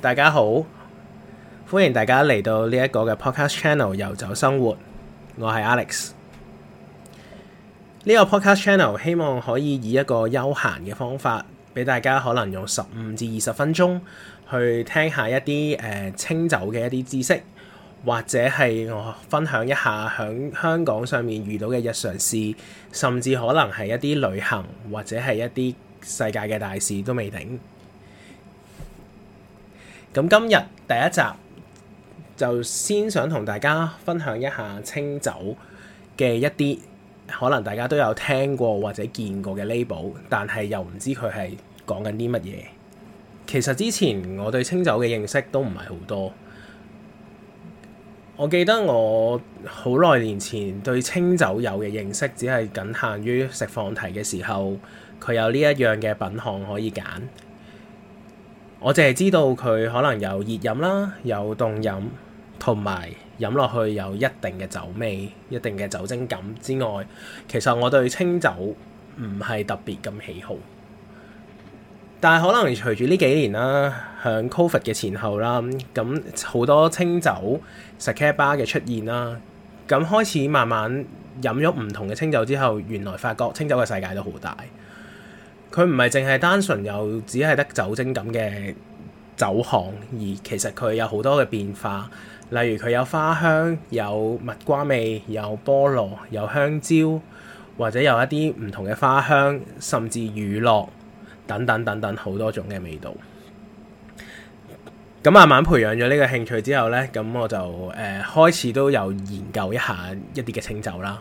大家好，歡迎大家嚟到呢一個嘅 podcast channel 遊走生活，我係 Alex。呢個 podcast channel 希望可以以一個休閒嘅方法，俾大家可能用十五至二十分鐘去聽一下一啲誒、呃、清酒嘅一啲知識，或者係我分享一下響香港上面遇到嘅日常事，甚至可能係一啲旅行，或者係一啲世界嘅大事都未定。咁今日第一集就先想同大家分享一下清酒嘅一啲可能大家都有聽過或者見過嘅 label，但係又唔知佢係講緊啲乜嘢。其實之前我對清酒嘅認識都唔係好多。我記得我好耐年前對清酒有嘅認識，只係僅限於食放題嘅時候，佢有呢一樣嘅品項可以揀。我淨係知道佢可能有熱飲啦，有凍飲，同埋飲落去有一定嘅酒味、一定嘅酒精感之外，其實我對清酒唔係特別咁喜好。但係可能隨住呢幾年啦，響 Covid 嘅前後啦，咁好多清酒 Sake Bar 嘅出現啦，咁開始慢慢飲咗唔同嘅清酒之後，原來發覺清酒嘅世界都好大。佢唔係淨係單純又只係得酒精咁嘅酒香，而其實佢有好多嘅變化，例如佢有花香、有蜜瓜味、有菠蘿、有香蕉，或者有一啲唔同嘅花香，甚至乳酪等等等等好多種嘅味道。咁慢慢培養咗呢個興趣之後呢，咁我就誒、呃、開始都有研究一下一啲嘅清酒啦。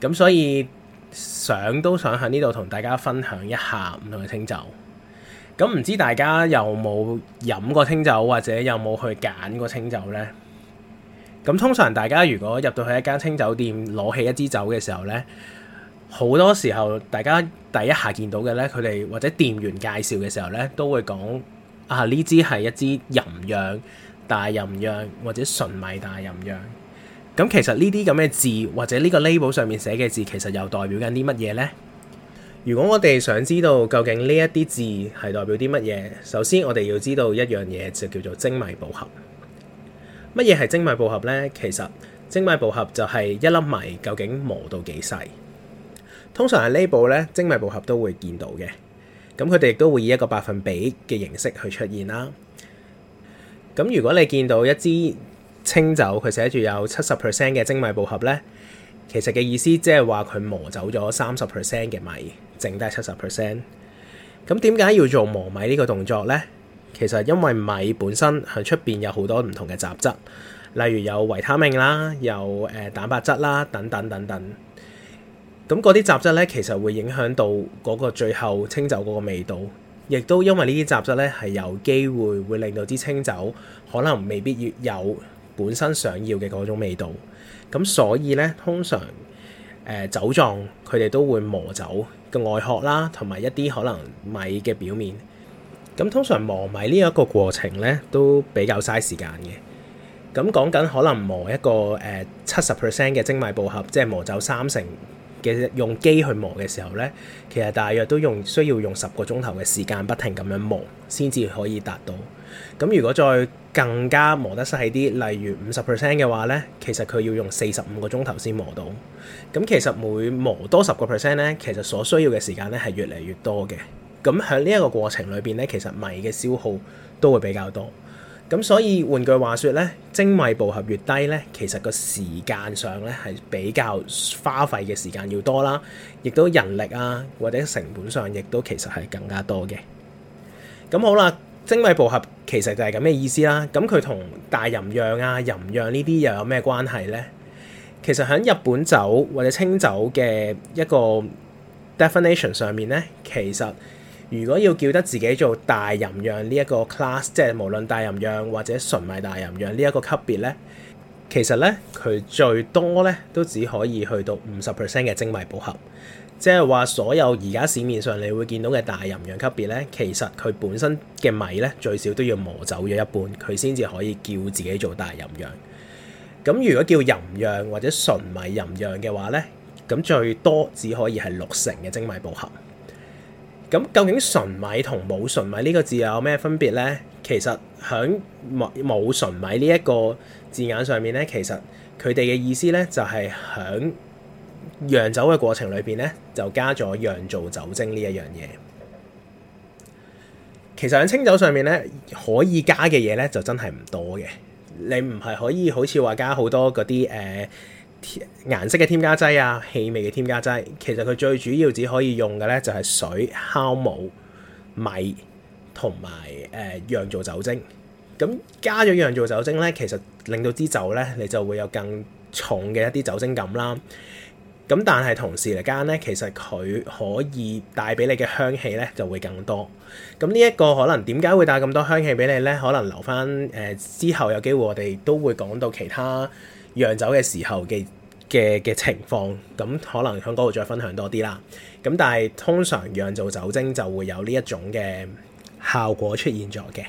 咁所以。想都想喺呢度同大家分享一下唔同嘅清酒。咁、嗯、唔知大家有冇飲過清酒，或者有冇去揀過清酒呢？咁、嗯、通常大家如果入到去一間清酒店，攞起一支酒嘅時候呢，好多時候大家第一下見到嘅呢，佢哋或者店員介紹嘅時候呢，都會講啊，呢支係一支吟釀、大吟釀，或者純米大吟釀。咁其實呢啲咁嘅字或者呢個 label 上面寫嘅字，其實又代表緊啲乜嘢呢？如果我哋想知道究竟呢一啲字係代表啲乜嘢，首先我哋要知道一樣嘢就叫做精米步合。乜嘢係精米步合呢？其實精米步合就係一粒米究竟磨到幾細。通常喺 label 呢，精米步合都會見到嘅。咁佢哋亦都會以一個百分比嘅形式去出現啦。咁如果你見到一支清酒佢寫住有七十 percent 嘅精米步合呢，其實嘅意思即係話佢磨走咗三十 percent 嘅米，剩低七十 percent。咁點解要做磨米呢個動作呢？其實因為米本身喺出邊有好多唔同嘅雜質，例如有維他命啦，有誒蛋白質啦，等等等等。咁嗰啲雜質呢，其實會影響到嗰個最後清酒嗰個味道，亦都因為呢啲雜質呢，係有機會會令到啲清酒可能未必要有，本身想要嘅嗰種味道，咁所以咧，通常誒、呃、酒莊佢哋都會磨走嘅外殼啦，同埋一啲可能米嘅表面。咁通常磨米呢一個過程咧，都比較嘥時間嘅。咁講緊可能磨一個誒七十 percent 嘅精米步合，即係磨走三成嘅用機去磨嘅時候咧，其實大約都用需要用十個鐘頭嘅時間不停咁樣磨，先至可以達到。咁如果再更加磨得細啲，例如五十 percent 嘅話咧，其實佢要用四十五個鐘頭先磨到。咁其實每磨多十個 percent 咧，其實所需要嘅時間咧係越嚟越多嘅。咁喺呢一個過程裏邊咧，其實米嘅消耗，都會比較多。咁所以換句話說咧，精米步合越低咧，其實個時間上咧係比較花費嘅時間要多啦，亦都人力啊或者成本上亦都其實係更加多嘅。咁好啦。精米步合其實就係咁嘅意思啦。咁佢同大吟釀啊、吟釀呢啲又有咩關係呢？其實喺日本酒或者清酒嘅一個 definition 上面呢，其實如果要叫得自己做大吟釀呢一個 class，即係無論大吟釀或者純米大吟釀呢一個級別呢，其實呢，佢最多呢都只可以去到五十 percent 嘅精米步合。即係話，所有而家市面上你會見到嘅大吟醸級別咧，其實佢本身嘅米咧，最少都要磨走咗一半，佢先至可以叫自己做大吟醸。咁如果叫吟醸或者純米吟醸嘅話咧，咁最多只可以係六成嘅精米步合。咁究竟純米同冇純米呢個字有咩分別咧？其實響冇冇純米呢一個字眼上面咧，其實佢哋嘅意思咧，就係響。釀酒嘅過程裏邊咧，就加咗釀造酒精呢一樣嘢。其實喺清酒上面咧，可以加嘅嘢咧，就真係唔多嘅。你唔係可以好似話加好多嗰啲誒顏色嘅添加劑啊、氣味嘅添加劑。其實佢最主要只可以用嘅咧，就係水、酵母、米同埋誒釀造酒精。咁加咗釀造酒精咧，其實令到支酒咧，你就會有更重嘅一啲酒精感啦。咁但係同時間咧，其實佢可以帶俾你嘅香氣咧就會更多。咁呢一個可能點解會帶咁多香氣俾你咧？可能留翻誒、呃、之後有機會我哋都會講到其他釀酒嘅時候嘅嘅嘅情況。咁可能喺嗰度再分享多啲啦。咁但係通常釀造酒精就會有呢一種嘅效果出現咗嘅。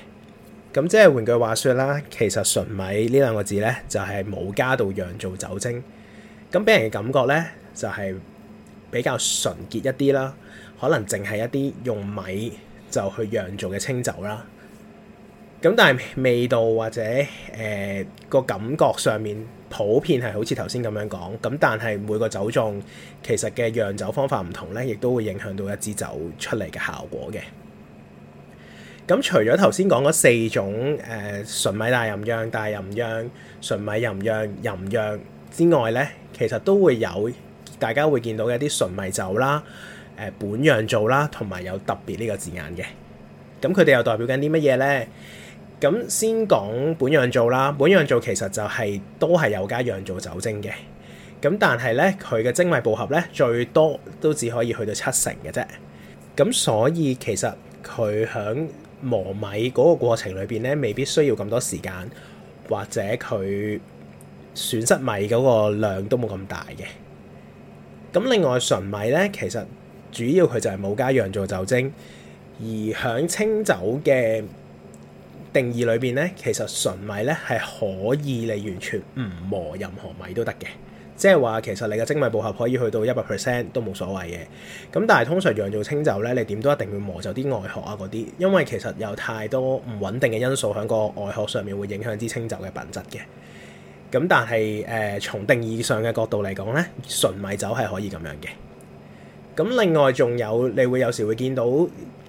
咁即係換句話說啦，其實純米呢兩個字咧就係、是、冇加到釀造酒精。咁俾人嘅感覺咧。就係比較純潔一啲啦，可能淨係一啲用米就去釀造嘅清酒啦。咁但係味道或者誒個、呃、感覺上面，普遍係好似頭先咁樣講。咁但係每個酒種其實嘅釀酒方法唔同咧，亦都會影響到一支酒出嚟嘅效果嘅。咁除咗頭先講嗰四種誒、呃、純米大吟釀、大吟釀、純米吟釀、吟釀之外咧，其實都會有。大家會見到嘅一啲純米酒啦、誒本釀造啦，同埋有特別呢個字眼嘅，咁佢哋又代表緊啲乜嘢咧？咁先講本釀造啦，本釀造其實就係、是、都係有加釀造酒精嘅，咁但係咧，佢嘅精米步合咧，最多都只可以去到七成嘅啫，咁所以其實佢響磨米嗰個過程裏邊咧，未必需要咁多時間，或者佢損失米嗰個量都冇咁大嘅。咁另外純米咧，其實主要佢就係冇加釀造酒精，而喺清酒嘅定義裏邊咧，其實純米咧係可以你完全唔磨任何米都得嘅，即係話其實你嘅精米步合可以去到一百 percent 都冇所謂嘅。咁但係通常釀造清酒咧，你點都一定會磨走啲外殼啊嗰啲，因為其實有太多唔穩定嘅因素喺個外殼上面會影響啲清酒嘅品質嘅。咁但係誒、呃，從定義上嘅角度嚟講咧，純米酒係可以咁樣嘅。咁另外仲有，你會有時會見到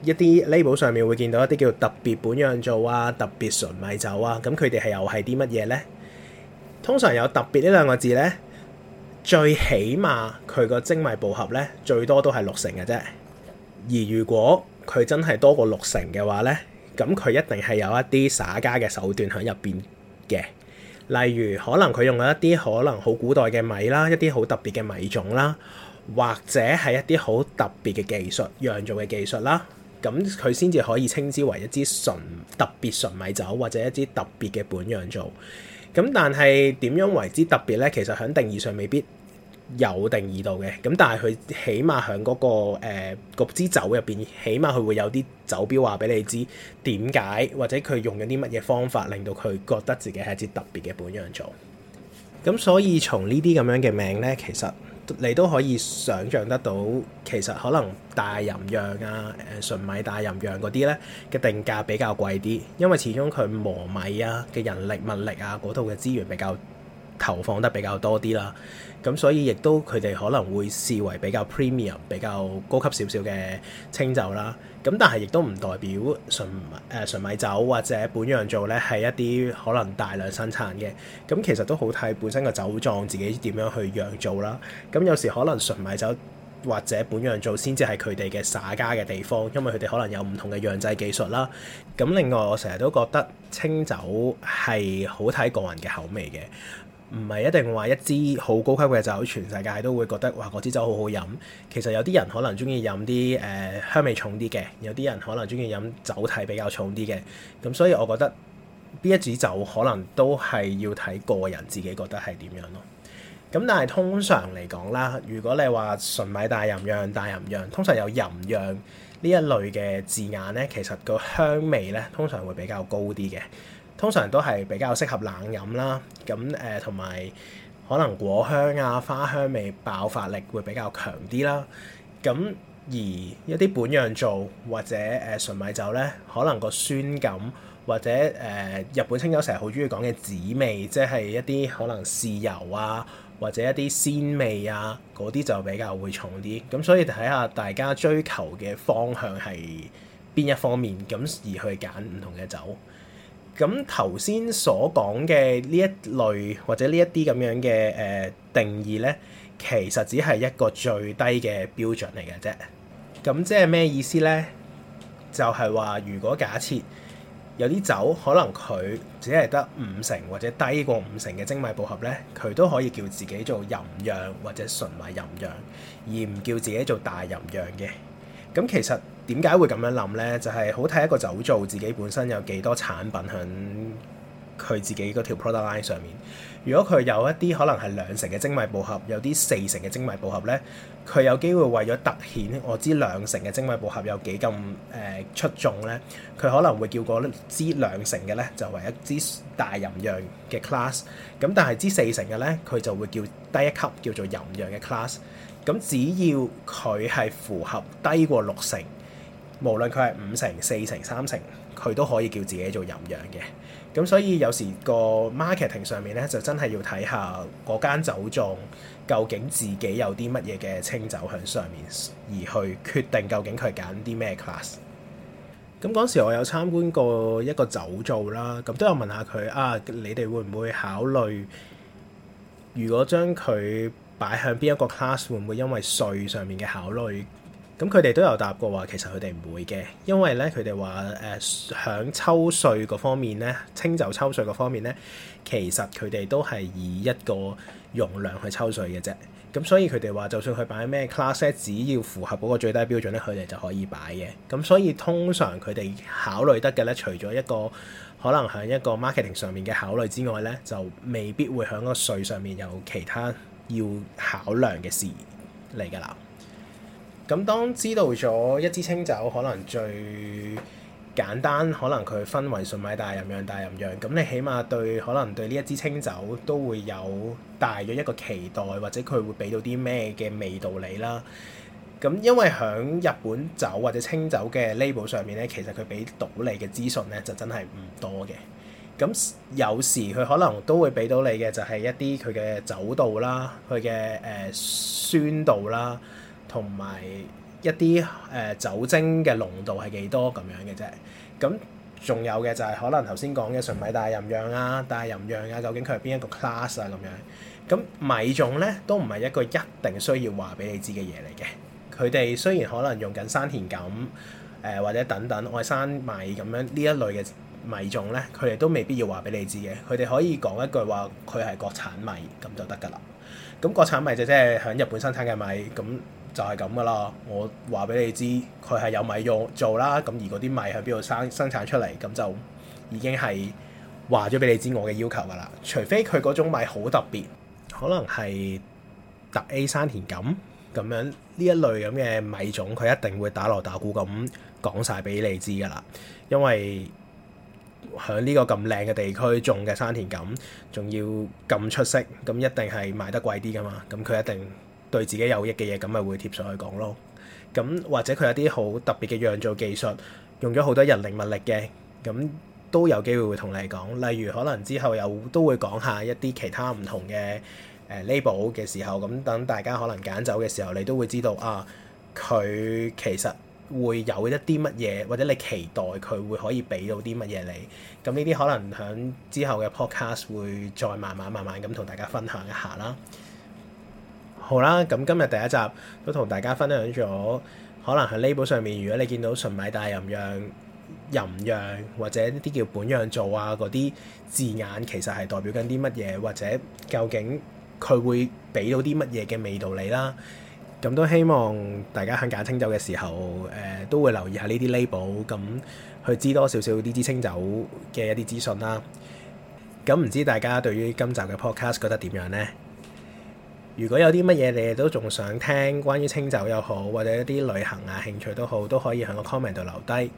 一啲 label 上面會見到一啲叫特別本釀造啊、特別純米酒啊，咁佢哋係又係啲乜嘢咧？通常有特別呢兩個字咧，最起碼佢個精米步合咧最多都係六成嘅啫。而如果佢真係多過六成嘅話咧，咁佢一定係有一啲耍家嘅手段喺入邊嘅。例如，可能佢用咗一啲可能好古代嘅米啦，一啲好特別嘅米種啦，或者係一啲好特別嘅技術釀造嘅技術啦，咁佢先至可以稱之為一支純特別純米酒，或者一支特別嘅本釀造。咁但係點樣為之特別咧？其實喺定義上未必。有定義度嘅，咁但係佢起碼喺嗰、嗰個誒、呃、支酒入邊，起碼佢會有啲酒標話俾你知點解，或者佢用緊啲乜嘢方法令到佢覺得自己係一支特別嘅本釀造。咁所以從這這呢啲咁樣嘅名咧，其實你都可以想像得到，其實可能大吟釀啊、誒純米大吟釀嗰啲咧嘅定價比較貴啲，因為始終佢磨米啊嘅人力物力啊嗰度嘅資源比較。投放得比較多啲啦，咁所以亦都佢哋可能會視為比較 premium、比較高級少少嘅清酒啦。咁但係亦都唔代表純米誒純米酒或者本釀造咧係一啲可能大量生產嘅。咁其實都好睇本身個酒莊自己點樣去釀造啦。咁有時可能純米酒或者本釀造先至係佢哋嘅耍家嘅地方，因為佢哋可能有唔同嘅釀製技術啦。咁另外我成日都覺得清酒係好睇個人嘅口味嘅。唔係一定話一支好高級嘅酒，全世界都會覺得哇，嗰支酒好好飲。其實有啲人可能中意飲啲誒香味重啲嘅，有啲人可能中意飲酒體比較重啲嘅。咁所以我覺得呢一支酒可能都係要睇個人自己覺得係點樣咯。咁但係通常嚟講啦，如果你話純米大吟釀、大吟釀，通常有吟釀呢一類嘅字眼咧，其實個香味咧通常會比較高啲嘅。通常都係比較適合冷飲啦，咁誒同埋可能果香啊、花香味爆發力會比較強啲啦。咁而一啲本釀造或者誒、呃、純米酒咧，可能個酸感或者誒、呃、日本清酒成日好中意講嘅旨味，即係一啲可能豉油啊或者一啲鮮味啊嗰啲就比較會重啲。咁所以睇下大家追求嘅方向係邊一方面，咁而去揀唔同嘅酒。咁頭先所講嘅呢一類或者呢一啲咁樣嘅誒、呃、定義咧，其實只係一個最低嘅標準嚟嘅啫。咁即係咩意思咧？就係、是、話如果假設有啲酒可能佢只係得五成或者低過五成嘅精米步合咧，佢都可以叫自己做吟醸或者純米吟醸，而唔叫自己做大吟醸嘅。咁其實。點解會咁樣諗咧？就係好睇一個酒造自己本身有幾多產品喺佢自己嗰條 product line 上面。如果佢有一啲可能係兩成嘅精米步合，有啲四成嘅精米步合咧，佢有機會為咗突顯我支兩成嘅精米步合有幾咁誒出眾咧，佢可能會叫個支兩成嘅咧就為一支大吟醸嘅 class。咁但係支四成嘅咧，佢就會叫低一級叫做吟醸嘅 class。咁只要佢係符合低過六成。無論佢係五成、四成、三成，佢都可以叫自己做吟釀嘅。咁所以有時個 marketing 上面咧，就真係要睇下嗰間酒莊究竟自己有啲乜嘢嘅清酒喺上面，而去決定究竟佢揀啲咩 class。咁嗰時我有參觀過一個酒造啦，咁都有問下佢啊，你哋會唔會考慮，如果將佢擺向邊一個 class，會唔會因為稅上面嘅考慮？咁佢哋都有答過話，其實佢哋唔會嘅，因為咧佢哋話誒響抽稅嗰方面咧，清酒抽稅嗰方面咧，其實佢哋都係以一個容量去抽稅嘅啫。咁所以佢哋話，就算佢擺咩 class，只要符合嗰個最低標準咧，佢哋就可以擺嘅。咁所以通常佢哋考慮得嘅咧，除咗一個可能響一個 marketing 上面嘅考慮之外咧，就未必會響個稅上面有其他要考量嘅事嚟㗎啦。咁當知道咗一支清酒，可能最簡單，可能佢分為純米大吟釀、大吟釀，咁你起碼對可能對呢一支清酒都會有大約一個期待，或者佢會俾到啲咩嘅味道你啦。咁因為喺日本酒或者清酒嘅 label 上面咧，其實佢俾到你嘅資訊咧就真係唔多嘅。咁有時佢可能都會俾到你嘅就係一啲佢嘅酒度啦，佢嘅誒酸度啦。同埋一啲誒、呃、酒精嘅濃度係幾多咁樣嘅啫，咁仲有嘅就係、是、可能頭先講嘅純米大吟釀啊，大吟釀啊，究竟佢係邊一個 class 啊咁樣？咁米種咧都唔係一個一定需要話俾你知嘅嘢嚟嘅。佢哋雖然可能用緊山田錦、呃、或者等等愛山米咁樣呢一類嘅米種咧，佢哋都未必要話俾你知嘅。佢哋可以講一句話，佢係國產米咁就得㗎啦。咁國產米就即係喺日本生產嘅米咁。就係咁噶啦，我話俾你知，佢係有米用做啦。咁而嗰啲米喺邊度生生產出嚟，咁就已經係話咗俾你知我嘅要求噶啦。除非佢嗰種米好特別，可能係特 A 山田錦咁樣呢一類咁嘅米種，佢一定會打鑼打鼓咁講晒俾你知噶啦。因為喺呢個咁靚嘅地區種嘅山田錦，仲要咁出色，咁一定係賣得貴啲噶嘛。咁佢一定，對自己有益嘅嘢，咁咪會貼上去講咯。咁或者佢有啲好特別嘅釀造技術，用咗好多人力物力嘅，咁都有機會會同你講。例如可能之後有都會講下一啲其他唔同嘅誒 label 嘅時候，咁等大家可能揀走嘅時候，你都會知道啊。佢其實會有一啲乜嘢，或者你期待佢會可以俾到啲乜嘢你。咁呢啲可能響之後嘅 podcast 會再慢慢慢慢咁同大家分享一下啦。好啦，咁今日第一集都同大家分享咗，可能喺 label 上面，如果你見到純米大吟釀、吟釀或者呢啲叫本釀造啊嗰啲字眼，其實係代表緊啲乜嘢，或者究竟佢會俾到啲乜嘢嘅味道你啦。咁都希望大家喺揀清酒嘅時候，誒、呃、都會留意下呢啲 label，咁去知多少少呢支清酒嘅一啲資訊啦。咁唔知大家對於今集嘅 podcast 覺得點樣咧？如果有啲乜嘢你哋都仲想聽，關於清酒又好，或者一啲旅行啊興趣都好，都可以喺個 comment 度留低。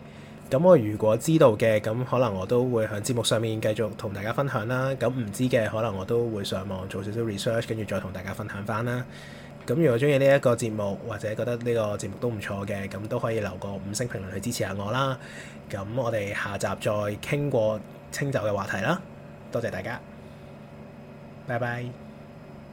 咁我如果知道嘅，咁可能我都會喺節目上面繼續同大家分享啦。咁唔知嘅，可能我都會上網做少少 research，跟住再同大家分享返啦。咁如果鍾意呢一個節目，或者覺得呢個節目都唔錯嘅，咁都可以留個五星評論去支持下我啦。咁我哋下集再傾過清酒嘅話題啦。多謝大家，拜拜。